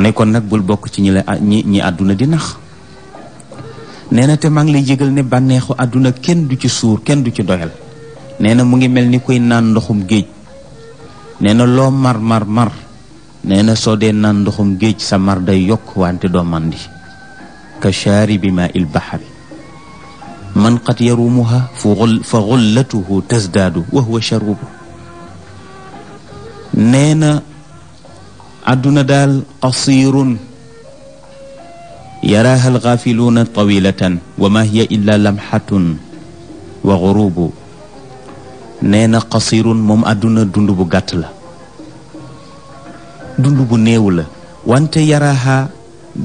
mu ne kon nag bul bokk ci ñi la ñi ñi àdduna di nax nee na te maa ngi lay yëgal ne bànneexu àdduna kenn du ci suur kenn du ci doyal nee na mu ngi mel ni kuy naan ndoxum géej nee na loo mar mar mar nee na soo dee naan ndoxum géej sa mar day yokk wante doo màndi ka shaaribi maa il bahari man qad yarumuha fa xullatuhu tasdaadu wa sharubu nee àdduna daal qasirun yaraaha alxaafiluuna tawilatan wa ma hiya illa lamxatun wa gurubu nee na qasirun moom àdduna dund bu gàtt la dund bu néew la wante yaraaha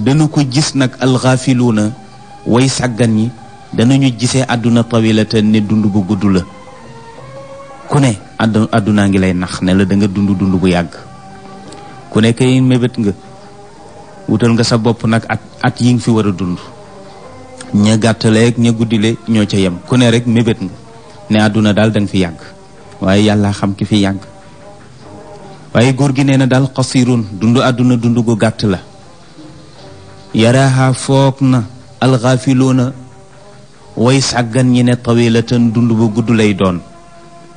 dana ko gis nag alxaafiluuna way sàggan ñi danañu gisee àdduna tawilatan ne dund bu gudd la ku ne àdduna ngi lay nax ne la da dund dund bu yàgg ku nekk yi mébét nga wutal nga sa bopp nag at at yi nga fi war a dund ña gàttale ak ña guddile ñoo ca yem ku ne rek mebet nga ne àdduna daal da fi yàgg waaye yàlla xam ki fi yàgg waaye góor gi nee na daal xasirun dund àdduna dund gu gàtt la yaraaxa foog na alxaafiloona way sàggan ñi ne tawilatan dund bu gudd lay doon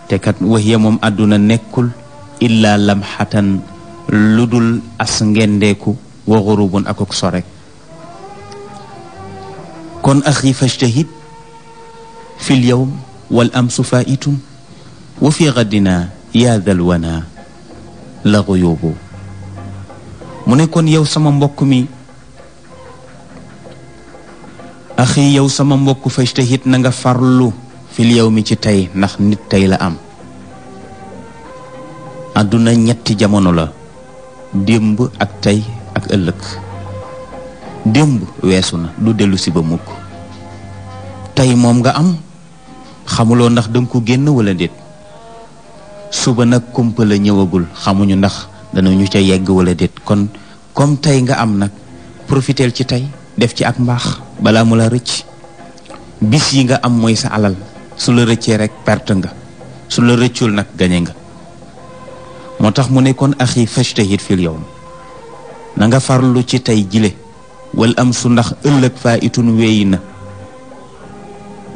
te kat wax ya àdduna nekkul illa lamxatan lu dul as ngendeeku wa xurubun akuk so rek kon axi fajtahid fi l yowm wal amsu faitum wa fi gadina yaa dal la xuyubu mu ne kon yow sama mbokk mi axi yow sama mbokk fajtahid na nga farlu fil yow mi ci tey ndax nit tey la am àdduna ñetti jamono la démb ak tey ak ëllëg démb weesu na du dellusi ba mukk tey moom nga am xamuloo ndax danga ko génn walla déet suba nag kumpa ñëwagul xamuñu ndax ñu ca yegg wala déet kon comme tey nga am nag profiteel ci tey def ci ak mbaax balaa mu la rëcc bis yi nga am mooy sa alal su la rëccee rek perte nga su la rëccul nag gañe nga moo tax mu nekkoon axi fajtahid fil yawm na nga farlu ci tey jile wal am su ndax ëllëg faa itun weeyi na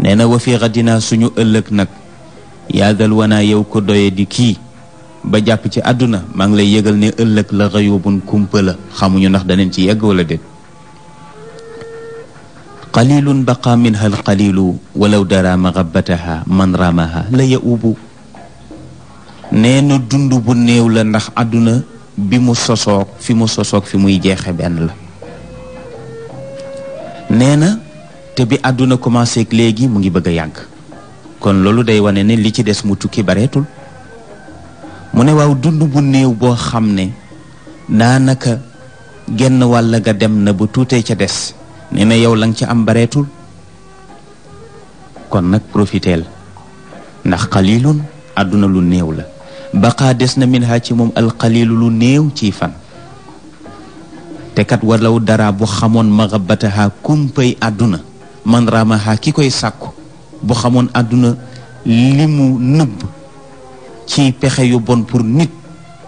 nee na wa fi xadinaa suñu ëllëg nag yaadal wanaa yow ko doye di kii ba jàpp ci àdduna maa ngi lay yëgal ne ëllëg la rayubun kumpa xamuñu ndax daneen ci yegg wala déet qalilun baqa minha al qalilu walaw dara maxabataha man ramaha la yaubu nee na dund bu néew la ndax àdduna bi mu sosoog fi mu sosoog fi muy jeexe benn la nee na te bi àdduna commencé léegi mu ngi bëgg a yàgg kon loolu day wane ne li ci des mu tukki bareetul mu ne waaw dund bu néew boo xam ne daanaka genn wàll ga dem na bu tuutee ca des nee na yow la nga ci am bareetul kon nag profiteel ndax xalilun àdduna lu néew la baqaa des na min ci moom alqalilu lu néew ci fan te kat walaw dara bu xamoon maxabataha kumpay àdduna man ki koy sàkku bu xamoon àdduna li nëbb ci pexe yu bon pour nit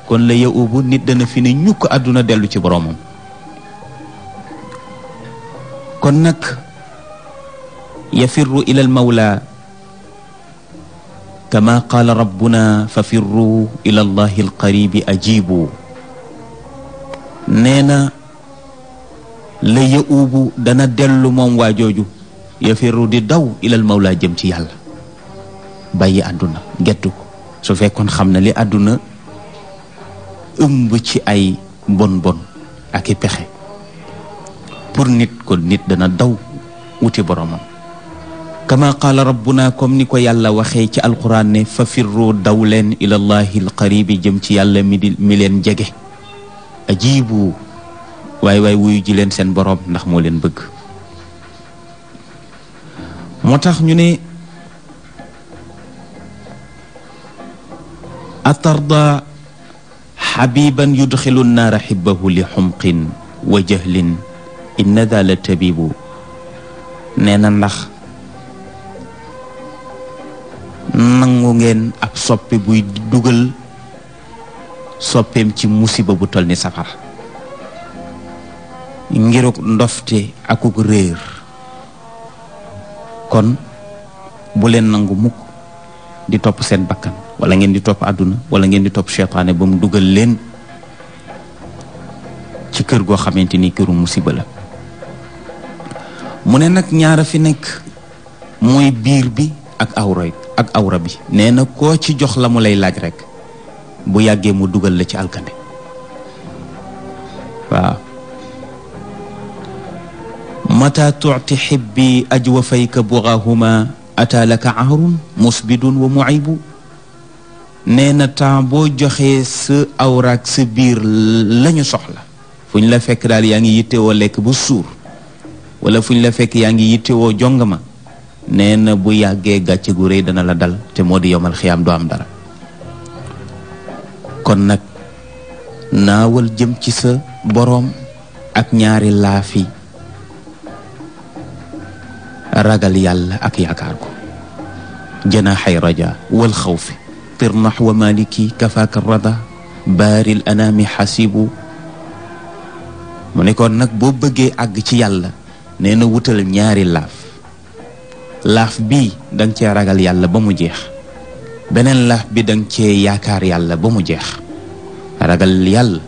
kon la yaubu nit dana fi ne ñukk àdduna dellu ci boroomam kon nag yafirru ilal mawla kama qaala rabbuna fa firru ila allahi nee na la yaubu dana dellu moom waa jooju yafirru di daw ilal mawla jëm ci yàlla bàyyi àdduna gettu ko su fekkoon xam na li àdduna ëmb ci ay bon bon ak i pexe pour nit ko nit dana daw wuti boromam kama qaala rabbuna comme ni ko yàlla waxee ci alquran ne fa firru daw leen ilallahi alqaribi jëm ci yàlla mi di mi leen jege ajibu jileen seen boroom ndax moo leen bëgg moo tax ñu ne atarda xabiban yudxilu naara xibbahu li xumqin wa jahlin inna daala tabibu nee na ndax nangu ngeen ab soppe buy dugal soppeem ci musiba bu toll ni safara ngiruk ndofte akuk réer kon bu leen nangu mukk di topp seen bakkan wala ngeen di topp àdduna wala ngeen di topp seytaane ba mu dugal leen ci kër goo xamante ni këru musiba la mu ne nag ñaara fi nekk mooy biir bi ak awroy ak awra bi nee na koo ci jox la mu lay laaj rek bu yàggee mu dugal la ci alkande waaw mata tuuti xibbi ajwafayka bugaahuma ataa laka aarun musbidun wa muibu nee na temps boo joxee sa awraak sa biir lañu soxla fu ñu la fekk daal yaa ngi yittewoo lekk ba suur wala fu ñu la fekk yaa ngi yittewoo jongama nee na bu yàggee gàcce gu rëy dana la dal te moo di yomal xiyaam du am dara kon nag naawal jëm ci sa boroom ak ñaari laafi ragal yàlla ak yaakaar ko janaaxay raja wal xawfi tirnax wa maliki kafaaka rada baaril anaami xasibu mu ne kon nag boo bëggee àgg ci yàlla nee wutal ñaari laaf laaf bii da cee ragal yàlla ba mu jeex beneen laaf bi da cee yaakaar yàlla ba mu jeex ragal yàlla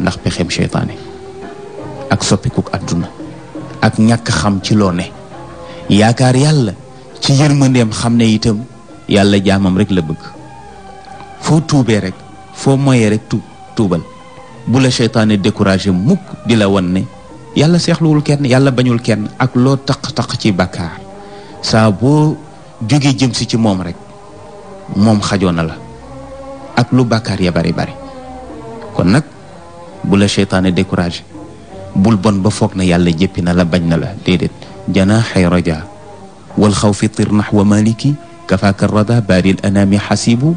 ndax pexem seytaane ak soppikuk àdduna ak ñàkk xam ci loo ne yaakaar yàlla ci yërmandeem xam ne itam yàlla jaamam rek la bëgg foo tuubee rek foo moyee rek tuub tuubal bu la seytaane découragé mukk di la won ne yàlla seexluwul kenn yàlla bañul kenn ak loo taq-taq ci bàkkaar saa boo jógee jëm si ci moom rek moom xajoon na la ak lu bàkkaar ya bari bari kon nag bu la seytaane découragé bul bon ba foog na yàlla jéppi na la bañ na la déedéet jana xay raja wal xaw tir nax wa maliki kafaaka rada baadil anaami xasibu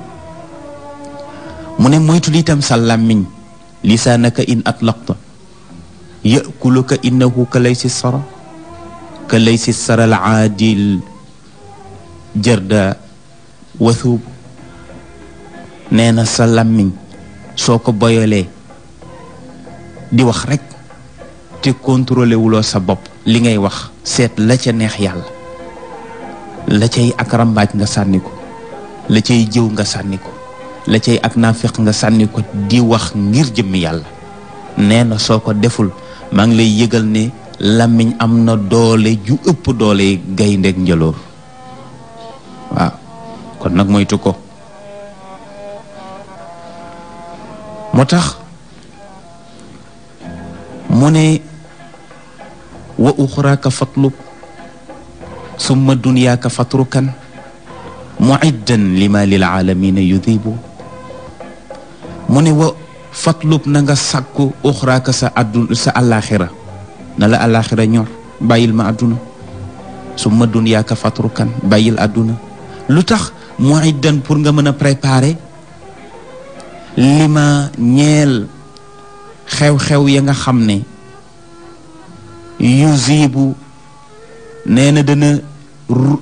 mu ne moytul itam sa làmmiñ lisaanaka in atlaqta yakuluka innahu ka laysi sara ka si saral aadil jërda wasuub nee na sa làmmiñ soo ko boyolee di wax rekk te contrôlé wuloo sa bopp li ngay wax seet la ca neex yàlla la cay ak rambaaj nga sànni ko la cay jëw nga sànni ko la cay ak naafeq nga sànni ko di wax ngir jëmm yàlla nee soo ko deful maa ngi lay yëgal ne làmmiñ am na doole ju ëpp doole gayndeeg njëloor waaw kon nag moytu ko moo tax mu ne wa uxraaka fatlub summa dunyaaka fatrukan muiddan lima lil aalamina yudibu mu ne wa fatlub na nga uxraaka sa àddun na la alaaxira ñor bàyyil ma àdduna su ma dunyaa ka fatrukan bàyyil àdduna lu tax muiddan pour nga mën a préparer li ma ñeel xew-xew ya nga xam ne yusibu nee na dana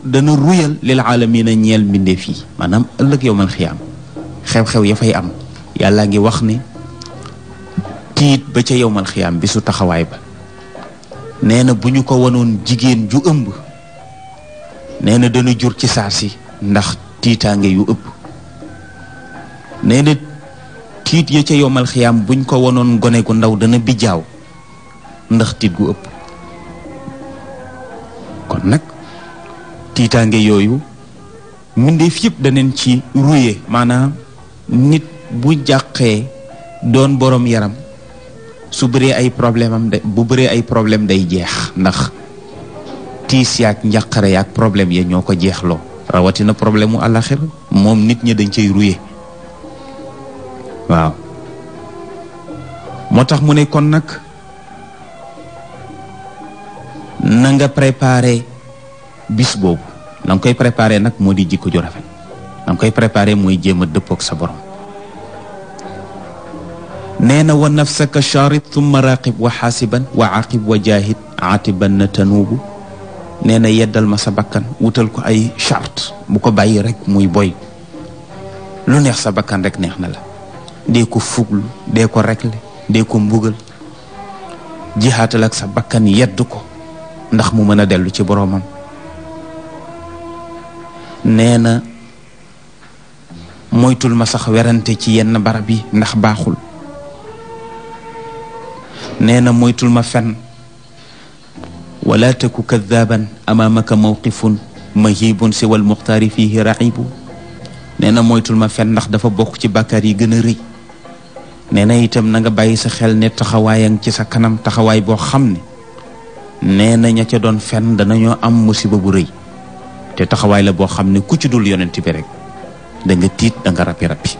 dana ruyal lil aalamiina ñeel mbindeef yi maanaam ëllëg yow man xiyaam xew-xew ya fay am yàllaa ngi wax ne tiit ba ca yow mal xiyaam bi su taxawaay ba nee na bu ñu ko wanoon jigéen ju ëmb nee na dana jur ci saa si ndax tiitaange yu ëpp nee na tiit ya ca yomal xiyaam buñ ko wanoon gone gu ndaw dana bijaaw ndax tiit gu ëpp kon nag tiitaange yooyu mbindeef yëpp daneen ci ruye maanaam nit bu jàqee doon borom yaram su bëree ay problème am de bu bëree ay problème day jeex ndax tiis yaak njàqare yaak problème ya ñoo ko jeexloo rawatina problème mu àllaxir moom nit ñi dañ cay ruye waaw moo tax mu ne kon nag nanga prépare bis boobu la koy préparé nag moo di jikko ju rafet la koy préparé mooy jéem a dëppook sa borom nee na wa nafsaka charit thumma raqib wa xaasiban wa aqib wa jaahid aatiban na tanuubu nee na yeddal ma sa bakkan wutal ko ay charte bu ko bàyyi rek muy boy lu neex sa bakkan rek neex na la dee ko fuglu dee ko rekle dee ko mbugal jihaatal ak sa bakkan yedd ko ndax mu mën a dellu ci boroomam nee na moytul ma sax werante ci yenn barab yi ndax baaxul nee na moytul ma fen wala taku kadaaban amaamaka mawqifun mahibun si wal muxtaari fihi raxibu nee na moytul ma fen ndax dafa bokk ci bàkkaar yi gën a rëy nee na itam na nga bàyyi sa xel ne taxawaayang ci sa kanam taxawaay boo xam ne nee na ña ca doon fen danañoo am musiba bu rëy te taxawaay la boo xam ne ku ci dul yonent bi rek da tiit da nga rapi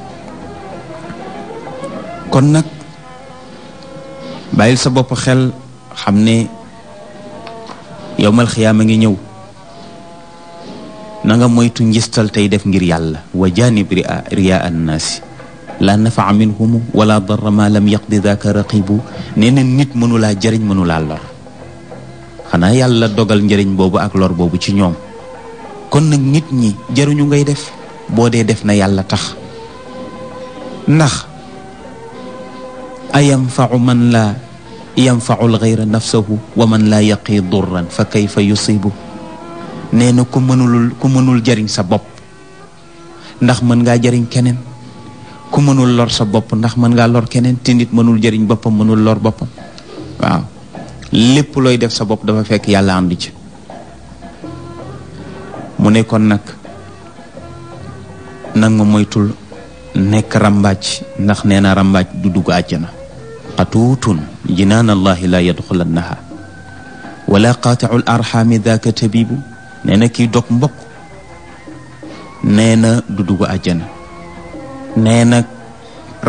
kon nag bàyyil sa bopp xel xam ne yowmal xiyaama ngi ñëw nanga moytu njistal tey def ngir yàlla wa janib riyaa annaasi laa nafaa minhumu wala darra ma lam yaqdi daaka raqibu nee na nit mënulaa jariñ mënulaa lor xanaa yàlla dogal njëriñ boobu ak lor boobu ci ñoom kon nag nit ñi jëruñu ngay def boo dee def na yàlla tax ndax ayam fa man laa yanfau lgayra nafsahu wa man laa yaqi durran fa kayfa yusibu nee na ku mënulul ku mënul jariñ sa bopp ndax mën ngaa jariñ keneen ku mënul lor sa bopp ndax mën ngaa lor keneen te nit mënul jariñ boppam mënul lor boppam waaw lépp looy def sa bopp dafa fekk yàlla ànd ci mu nekkoon nag nag ma moytul nekk ràmbaaj ndax nee na ràmbaaj du dugg na qatuutun jinaan allahi laa yadxulannaha wala qaatiul arxaami daaka tabibu nee na kii dog mbokk nee na du dugg àjjana nee na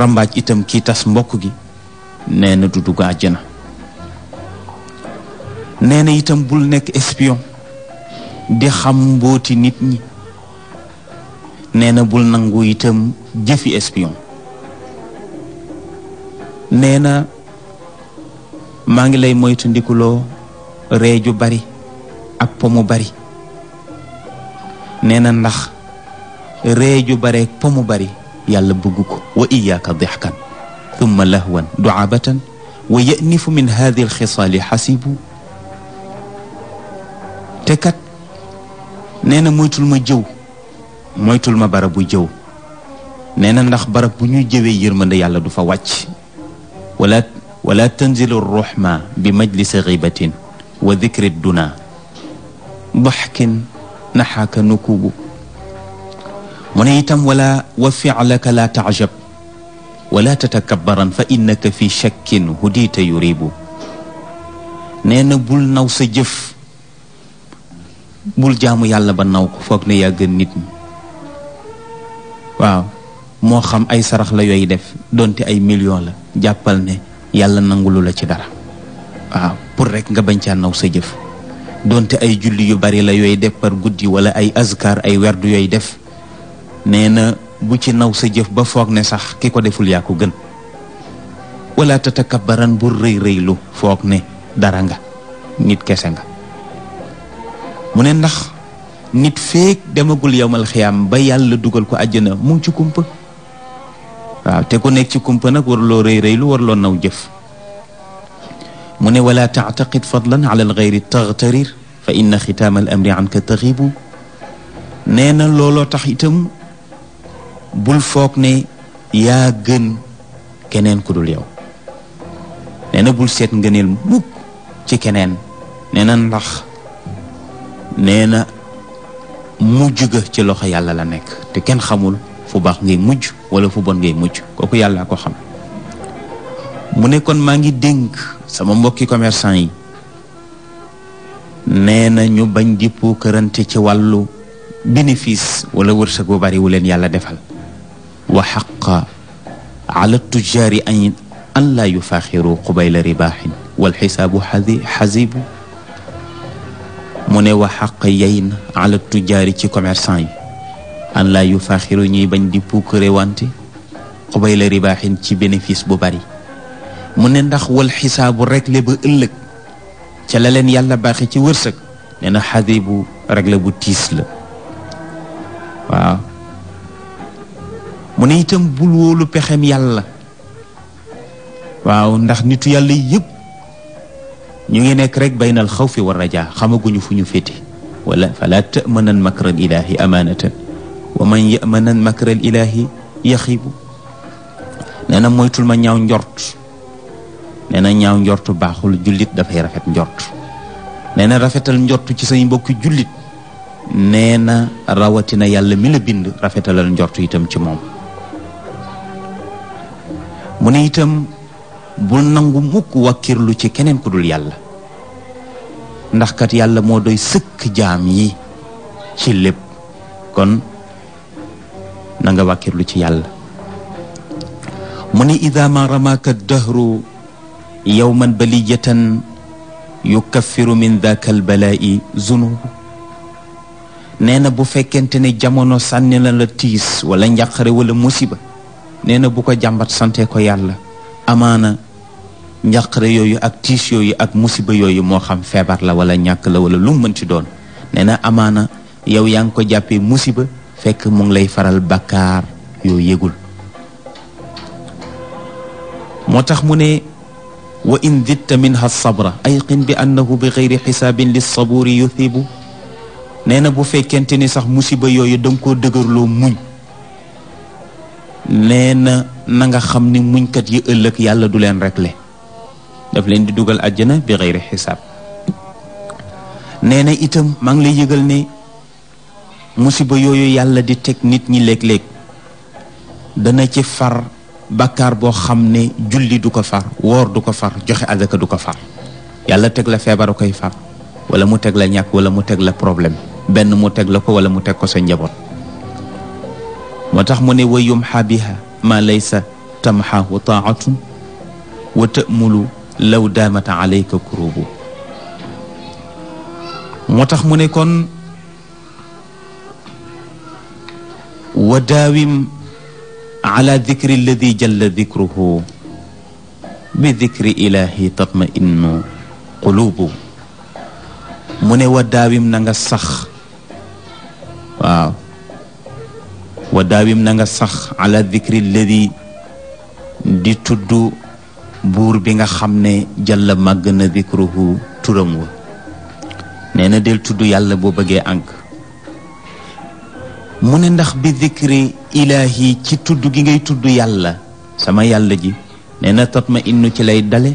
rambaaj itam kii tas mbokk gi nee na du dugg àjjana nee na itam bul nekk espion di xam mbooti nit ñi nee bul nangu itam jëfi espion nee na maa ngi lay moytandikuloo ndikuloo ree ju bari ak po mu bari nee na ndax ree ju bare po mu bari yàlla bëgg ko wa iyaaka dixkan thumma lahwan duabatan wa yanifu min hadi alxisaali xasibu te kat nee na moytul ma jëw moytul ma barab bu jëw nee na ndax barab bu ñuy jëwee yërmande yàlla du fa wàcc wala wala tanzilu ruxma bi majlisi gibatin wa dikri duna daxkin naxaaka nukubu mu ne itam wala wa ficlaka laa tacjab wala tatakabaran fa innaka fi shakkin hudiita yuribu nee na bul naw sa jëf bul jaamu yàlla ba naw ko foog ne yaa gën nit ñi waaw moo xam ay sarax la yooyu def donte ay million la jàppal ne yàlla nangulu la ci dara waaw pour rekk nga bañ caa naw sa jëf donte ay julli yu bari la yooy def guddi wala ay azkar ay werdu yooy def nee na bu ci naw sa jëf ba foog ne sax ki ko deful yaa ko gën wala baran bu rëy rëylu foog ne dara nga nit kese nga mu ne ndax nit feek demagul yowmal xiyaam ba yàlla dugal ko àjjana mu ngi ci kumpa te ku nekk ci kumpa nag warloo rëy rëylu loo naw jëf mu ne wala taataqid fadlan ala alxeyri taxtarir fa inna xitaama al amri anka taxibu nee na looloo tax itam bul foog ne yaa gën keneen ku dul yow nee bul seet ngëneel mukk ci keneen nee na ndax nee na mujj ga ci loxo yàlla la nekk te kenn xamul fu baax ngay mujj wala fu bon ngay mujj kooku yàlla ko xam mu ne kon maa ngi dénk sama mbokki commerçant yi nee na ñu bañ di puukarante ci wàllu bénéfice wala wërsëg bu bari wu leen yàlla defal wa xaqa ala tujaari an an laa yufaaxiru qubayla ribaaxin wal xisaabu xadi xasibu mu ne wa xaq yey na ala tujaari ci commerçant yi an yu faaxiru ñuy bañ di puukare wante xobay la ribaaxin ci bénéfice bu bari mu ne ndax wal xisaabu regle ba ëllëg ca la leen yàlla baaxe ci wërsëg nee na xadi bu regle bu tiis la waaw mu ne itam bul wóolu pexem yàlla waaw ndax nitu yàlla yëpp ñu ngi nekk rek baynal xawfi war rajaa xamaguñu fu ñu féete wala fala tamanan makral ilaahi amaanatan wa man yamanan makral ilaahi yaxibu nee na moytul ma ñaaw njort nee na ñaaw njort baaxul jullit dafay rafet njort nee rafetal njort ci say mbokki jullit nee na rawatina yàlla mi la bind rafetalal njort itam ci moom mu ne itam bul nangu mukk wàkkirlu ci keneen ku dul yàlla ndax kat yàlla moo doy sëkk jaam yi ci lépp kon na nga lu ci yàlla mu ni ida ma man dahru yowman baliyatan yukaffiru min daka albalaa'i zunub nee na bu fekkente ne jamono sànni la la tiis wala njàqare wala musiba nee na bu ko jàmbat sante ko yàlla amaana njàqare yooyu ak tiis yooyu ak musiba yooyu moo xam feebar la wala ñàkk la wala lu mu mën ci doon nee amaana yow yaa ngi ko jàppee musiba fekk mu ngi lay faral bàkkaar yoo yëgul moo tax mu ne wa in ditta minha sabra ayqin bi annahu bi xeyri xisaabin li saburi yuthibu nee na bu fekkente ni sax musiba yooyu danga koo dëgërloo muñ nee na na xam ni muñkat yi ëllëg yàlla du leen le daf leen di dugal àjjana bi xeyri xisaab nee itam maa ngi lay yëgal ne musiba yooyu yàlla di teg nit ñi léeg-léeg dana ci far bàkkaar boo xam ne julli du ko far woor du ko far joxe azaka du ko far yàlla teg la feebar koy far wala mu teg la ñàkk wala mu teg la problème benn mu teg la ko wala mu teg ko sa njaboot moo tax mu ne wa yumxa biha ma laysa tamxaahu taatun wa tamulu law daamata alayka kurubu moo tax mu ne kon wa daawim ala dikri alladi jalla dikruhu bi dikri ilaahi tatma innu mu ne wa daawim nanga nga sax waaw wa daawim na nga sax ala dikri alladi di tudd buur bi nga xam ne jalla màgg na dikruhu turam wa nee na del tudd yàlla boo bëggee ànk mu ne ndax bi dikri ilaahi ci tudd gi ngay tudd yàlla sama yàlla ji nee na ma innu ci lay dale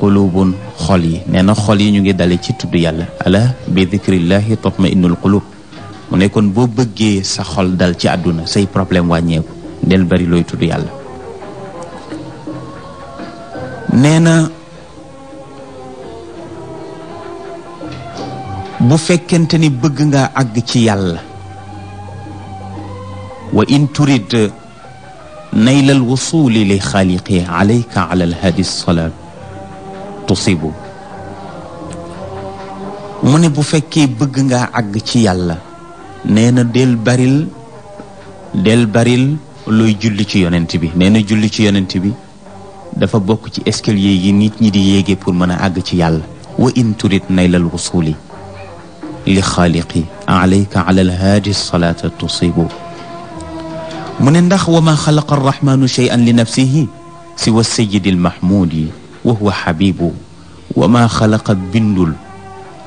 qulubun xol yi nee na xol yi ñu ngi dale ci tudd yàlla ala bi dikrillaahi ma innul qulub mu ne kon boo bëggee sa xol dal ci àdduna say problème wàññeeku del bari looy tudd yàlla bu fekkente ni bëgg nga àgg ci yàlla wa in turid nayla alwusuli li xaaliqi alayka ala alhadi salaam tusibu mu ne bu fekkee bëgg nga àgg ci yàlla nee na del baril del baril looy julli ci yonent bi nee na julli ci yonent bi dafa bokk ci escalier yi nit ñi di yéege pour mën a àgg ci yàlla wa in turit naylal wusuli li xaaliqi alayka ala alhaadi salaata tusibu mu ne ndax wa ma xalaqa arrahmanu cheyan li nafsihi si wa sayidi almahmudi wa huwa xabibu wa ma xalaqa bindul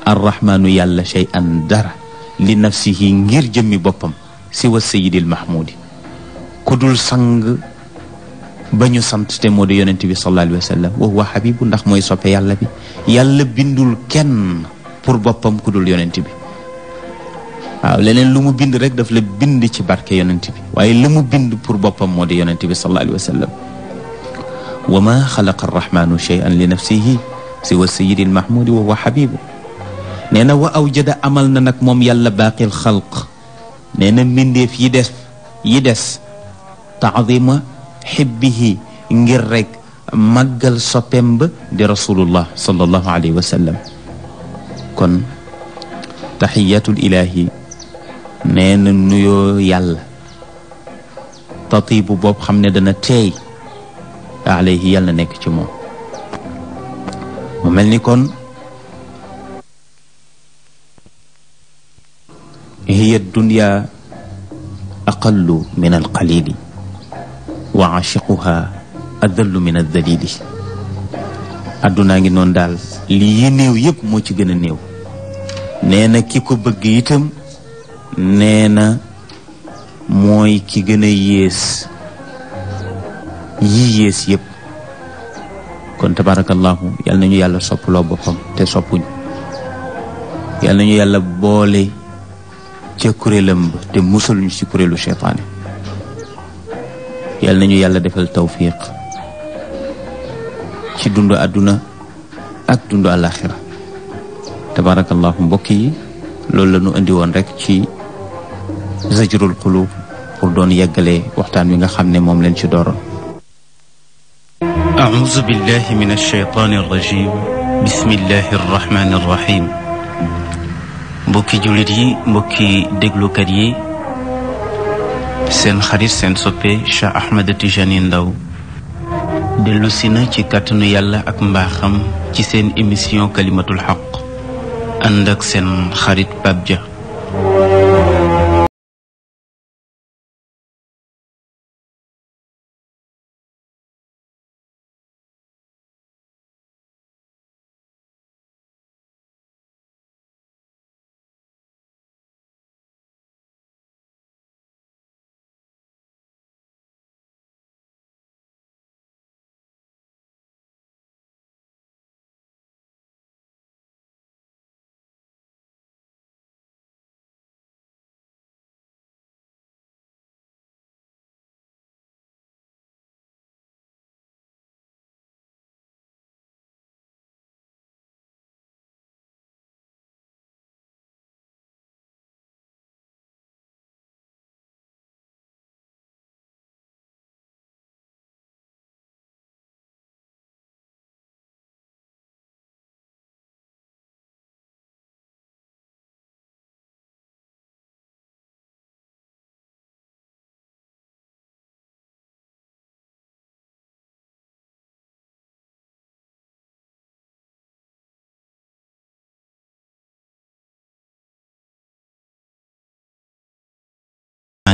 arrahmanu yàlla cheyan dara li nafsihi ngir jëmmi boppam si wa sayidi almahmudi ku dul sang ba ñu sant te moo di yonent bi sallallahu alayhi wa sallam wa huwa xabibu ndax mooy soppe yàlla bi yàlla bindul kenn pour boppam ku dul yonent bi waaw leneen lu mu bind rek daf la bind ci barke yonent bi waaye lu mu bind pour boppam moo di yonent bi sallallahu alayhi wa sallam wa ma xalaqa arrahmanu shay'an li nafsihi siwa sayidi almahmudi wa huwa xabibu nee na wa awjada amal na nag moom yàlla baaqil xalq nee na mbindeef yi des yi des taadima xibbihi ngir rek màggal soppeem ba di rasulullah sallallahu alayhi wa sallam kon taxiyatul ilaahi nee na nuyoo yàlla tatibu boobu xam ne dana teey alayhi yàlla nekk ci moom mu mel ni kon hiya dunya aqallu min alqalili wa aashiquha adallu min aldalili àddunaa ngi noonu daal lii yi néew yëpp moo ci gën a néew nee na ki ko bëgg itam nee na mooy ki gën a yées yi yées yëpp kon tabaarakallaahu yal nañu yàlla soppaloo boppam te soppuñu yal nañu yàlla boole ca kuréelam ba te musaluñu ci kuréelu seytaane yal nañu yàlla defal tawfiq ci dundu àdduna ak dundu àllaaxira tabaarakallaahu mbokk yi loolu la ñu indi woon rek ci zajrul qulub pour doon yeggalee waxtaan wi nga xam ne moom leen ci dooroon أعوذ بالله من الشيطان الرجيم بسم yi déglukat yi seen xarit seen soppe Cheikh Ahmed Tijani Ndaw dellu na ci kàttanu yàlla ak mbaaxam ci seen émission kalimatul xaq ànd ak seen xarit Pape Dia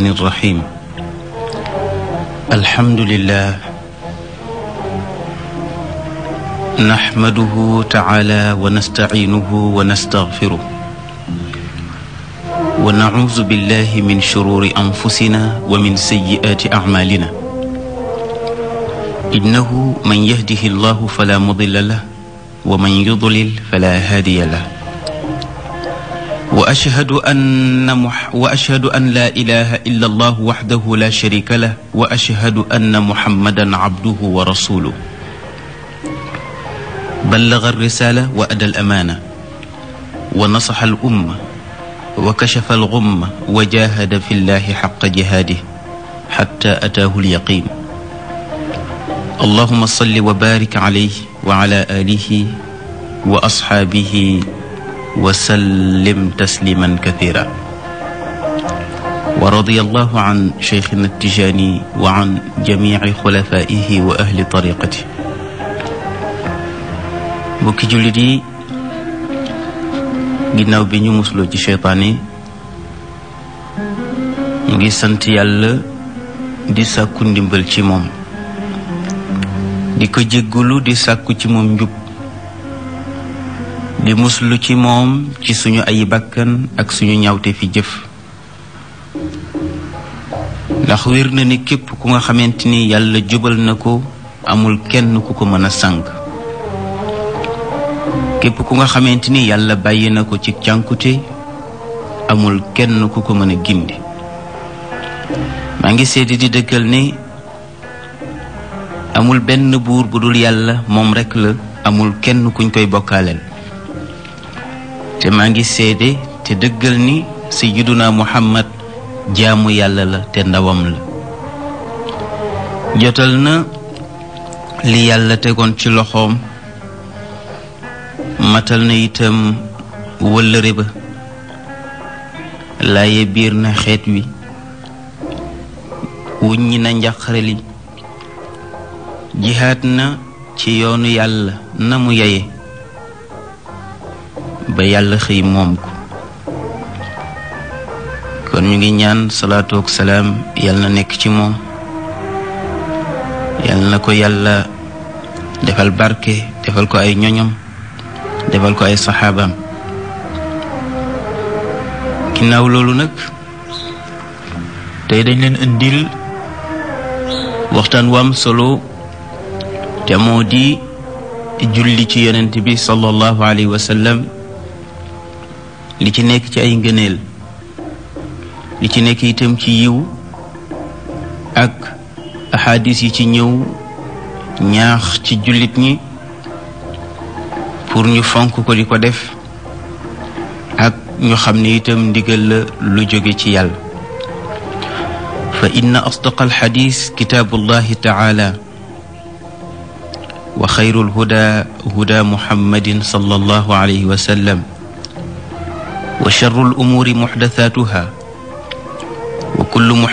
الرحمن الرحيم الحمد لله نحمده تعالى ونستعينه ونستغفره ونعوذ بالله من شرور أنفسنا ومن سيئات أعمالنا إنه من يهده الله فلا مضل له ومن يضلل فلا هادي له wa ashhadu anna wa ashhadu an laa ilaha illa allah waxdahu la sharika lah wa ashhadu anna muhammadan abduhu wa rasuluh ballaga alrisala wa ada alamaana wa nasaxa alumma wa kashafa algumma wa jahada fi llahi xaqa jihaadih xatta ataahu alyaqin allahuma salli wa barik alayhi wa ala alihi wa asxaabihi وسلم تسليما كثيرا ورضي الله عن شيخنا التجاني وعن جميع خلفائه وأهل طريقته bokki jullit yi ginnaaw bi ñu musloo ci seytaan yi mu ngi sant yàlla di sàkku ndimbal ci moom di ko jéggalu di sàkku ci moom njub di muslu ci moom ci suñu ay bakkan ak suñu ñawte fi jëf ndax wér na ni képp ku nga xamante ni yàlla jubal na ko amul kenn ku ko mën a sànq képp ku nga xamante ni yàlla bàyyi na ko ci cànkute amul kenn ku ko mën a gindi maa ngi seeti di dëkkal ni amul benn buur bu dul yàlla moom rekk la amul kenn kuñ koy bokkaaleel te maa ngi seede te dëggal ni sayyiduna muhammad jaamu yàlla la te ndawam la jotal na li yàlla tegoon ci loxoom matal na itam wëllëre ba laaye biir na xeet wi wuññi na njàqare li jihaat na ci yoonu yàlla na mu yeye ba yàlla xëy moom ko kon ñu ngi ñaan salaatu salaam yàlla na nekk ci moom yàlla na ko yàlla defal barke defal ko ay ñoñom defal ko ay saxaabaam ginnaaw loolu nag tey dañ leen indil waxtaan waam solo te moo di julli ci yonent bi sallallahu alayhi wa li ci nekk ci ay ngëneel li ci nekk itam ci yiw ak axadis yi ci ñëw ñaax ci jullit ñi pour ñu fonk ko di ko def ak ñu xam ni itam ndigal lu jóge ci yàlla fa inna asdaqa alxadis kitaabullahi taala wa xayru alhuda huda muhammadin sallallahu alayhi wa sallam wa sharrul umuuri muxdathaatuha wa kullu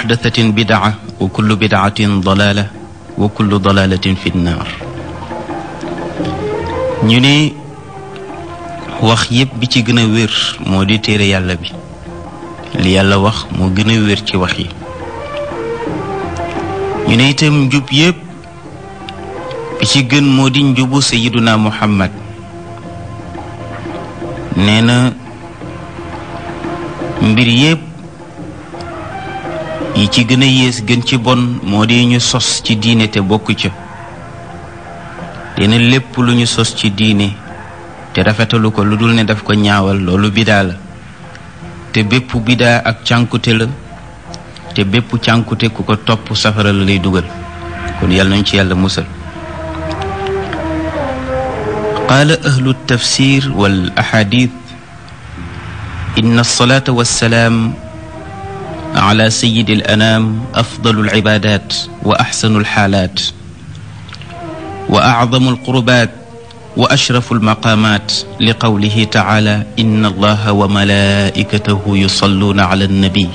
wax yépp bi ci gën a wér moo yàlla bi li yàlla wax moo gën a wér ci wax yi ñu ne itam njub yépp bi ci gën moo njubu sayiduna muhammad nee na mbir yépp yi ci gën a yées gën ci bon moo di ñu sos ci diine te bokku ca dina lépp lu ñu sos ci diine te rafetalu ko lu dul ne daf ko ñaawal loolu bidaa la te bépp bidaa ak cànkute la te bépp cànkute ku ko topp safara la lay dugal kon yàlla nañ ci yàlla musal qaala ahlu tafsir wal ahadith inna alsalaata walsalaam ala sayidi al anaam afdalu alcibadat wa axsanu alxaalaat wa acdamu alqurubat wa ashrafu almaqaamat li qawlihi taala inna allaha wa malaa'ikatahu yusalluuna ala annabi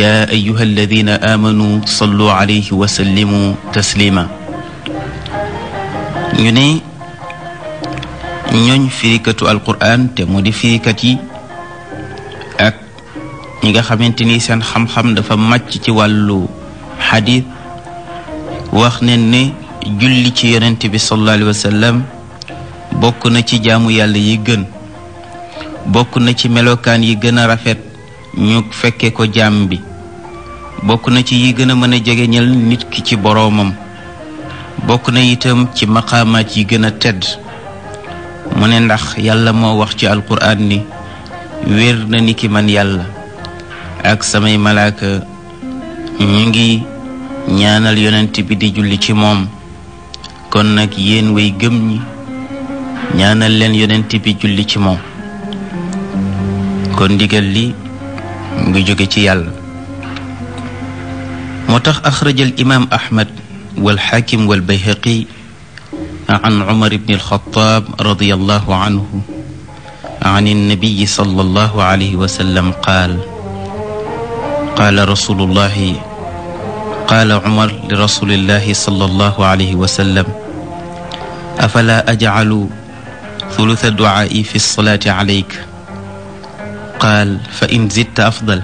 yaa ayuha alladina aamanuu sallu alayhi wa sallimu taslima ñu ne ñooñ firikatu alquran te mu di firikat yi ñi nga xamante ni seen xam-xam dafa màcc ci wàllu xadis wax ne ne julli ci yonent bi sallallahu alayhi wa bokk na ci jaamu yàlla yi gën bokk na ci melokaan yi gën a rafet ñu fekke ko jaam bi bokk na ci yi gën a mën a jegeñal nit ki ci boroomam bokk na itam ci maqaamaat yi gën a tedd mu ne ndax yàlla moo wax ci alquraan ni wér na ni ki man yàlla ak samay malaaka ñu ngi ñaanal yonent bi di julli ci moom kon nag yéen way gëm ñi ñaanal leen yonent bi julli ci moom kon ndigal li mu ngi jóge ci yàlla moo tax axraja al imaam ahmad wal xaakim wal bayhaqi an umar ibn alxataab radiallahu anhu an annabiyi sallallahu alayhi wa sallam qaal qaala rasulullahi qaala umar li rasulillahi sallallahu alayhi wa sallam afala ajcalu thulutha ducaa'i fi lsalaati calayk qaal fa in zidta afdal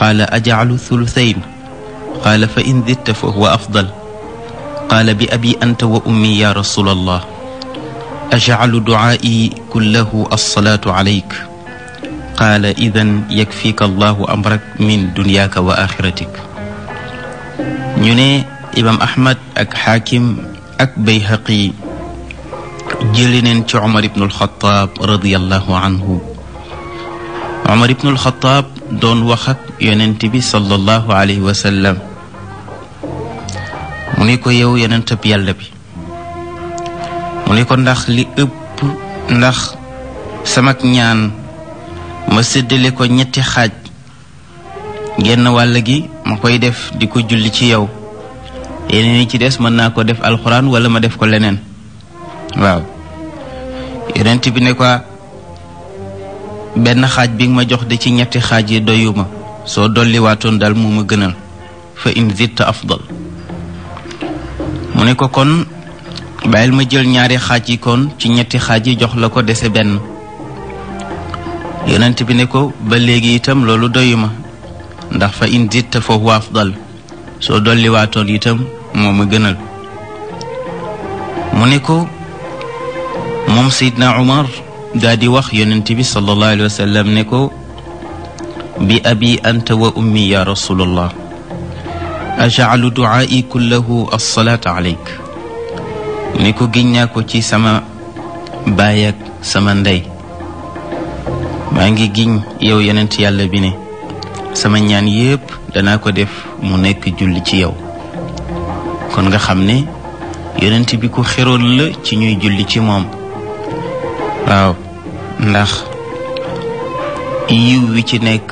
qaala ajcalu thuluthayn qaala fa in zidta fa huwa afdal qaala bi abi anta wa ummi ya rasulallah ajcalu ducaa'i kullahu alsalaatu calayk qaala idan yakfiika allahu amrak min dunyaaka wa axiratik ñu ne imam ahmad ak xaakim ak bayhaqi jëli neen ci omar ibnu alxataab radiallahu anhu omar ibnu alxataab doon wax ak yonent bi sallallahu alayhi wa sallam mu ne ko yow yonentab yàlla bi mu ne ko ndax li ëpp ndax samak ñaan ma seddale ko ñetti xaaj genn wàll gi ma koy def di ko julli ci yow yeneen yi ci des mën naa ko def alxuraan wala ma def ko leneen waaw yonent bi ne ko benn xaaj bi ma jox di ci ñetti xaaj yi doyu ma soo dolliwaatoon dal mu ma gënal fa in afdal mu ne ko kon bàyyil ma jël ñaari xaaj yi kon ci ñetti xaaj yi jox la ko dese benn yonent bi ne ko ba léegi itam loolu doyuma ndax fa in zitta fa huwa afdal soo dolliwaatoon itam moo ma gënal mu ne ko moom Seydina Umar daa wax yonent bi sallallahu alayhi wa ne ko bi abi anta wa ummi ya rasulallah ajaalu duaai kullahu alsalaata aleyk ne ko giñ naa ko ci sama baay sama ndey maa ngi giñ yow yonent yàlla bi ne sama ñaan yépp danaa ko def mu nekk julli ci yow kon nga xam ne yonent bi ku xeroon la ci ñuy julli ci moom waaw ndax yiw wi ci nekk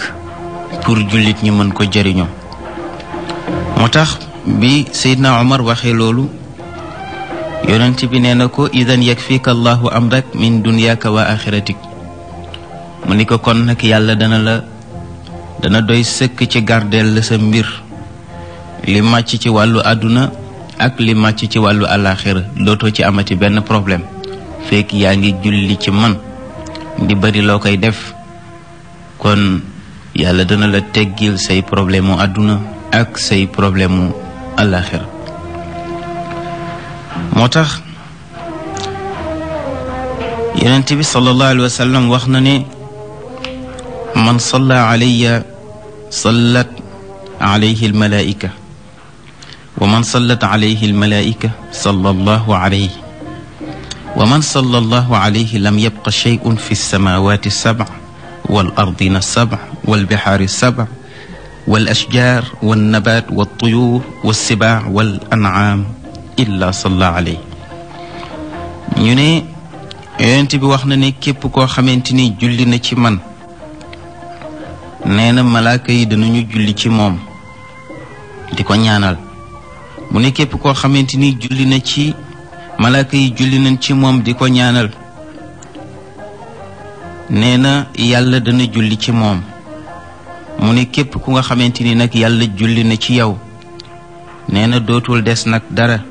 pour jullit ñi mën ko jëriñoo moo tax bi Seydina Omar waxe loolu yonent bi nee na ko idan yakfika allahu amrak min dunyaaka wa axiratik mu ni ko kon nag yàlla dana la dana doy sëkk ci gardeel la sa mbir li màcc ci wàllu àdduna ak li màcc ci wàllu àllaaxira dootoo ci amati benn problème fekk yaa ngi julli ci man di bari loo koy def kon yàlla dana la teggil say problème mu àdduna ak say problème mu àllaaxira moo tax yonent bi wax na ne man salla alayya sallat alayhi almalaika wa man sallat alayhi almalaika salla allahu alayhi wa man salla allahu alayhi lam yabqa shay'un fi alsamawati sab wal ardina sab wal bihaari sab wal ashjaar wal nabaat wal tuyuur wal sibaax wal ancaam illa salla alayhi ñu ne yonent bi wax na ne képp koo xamante ni julli na ci man nee na malaaka yi danañu julli ci moom di ko ñaanal mu ne képp koo xamante ni julli na ci malaaka yi julli nañ ci moom di ko ñaanal nee na yàlla dana julli ci moom mu ne képp ku nga xamante ni nag yàlla julli na ci yow nee na dootul des nag dara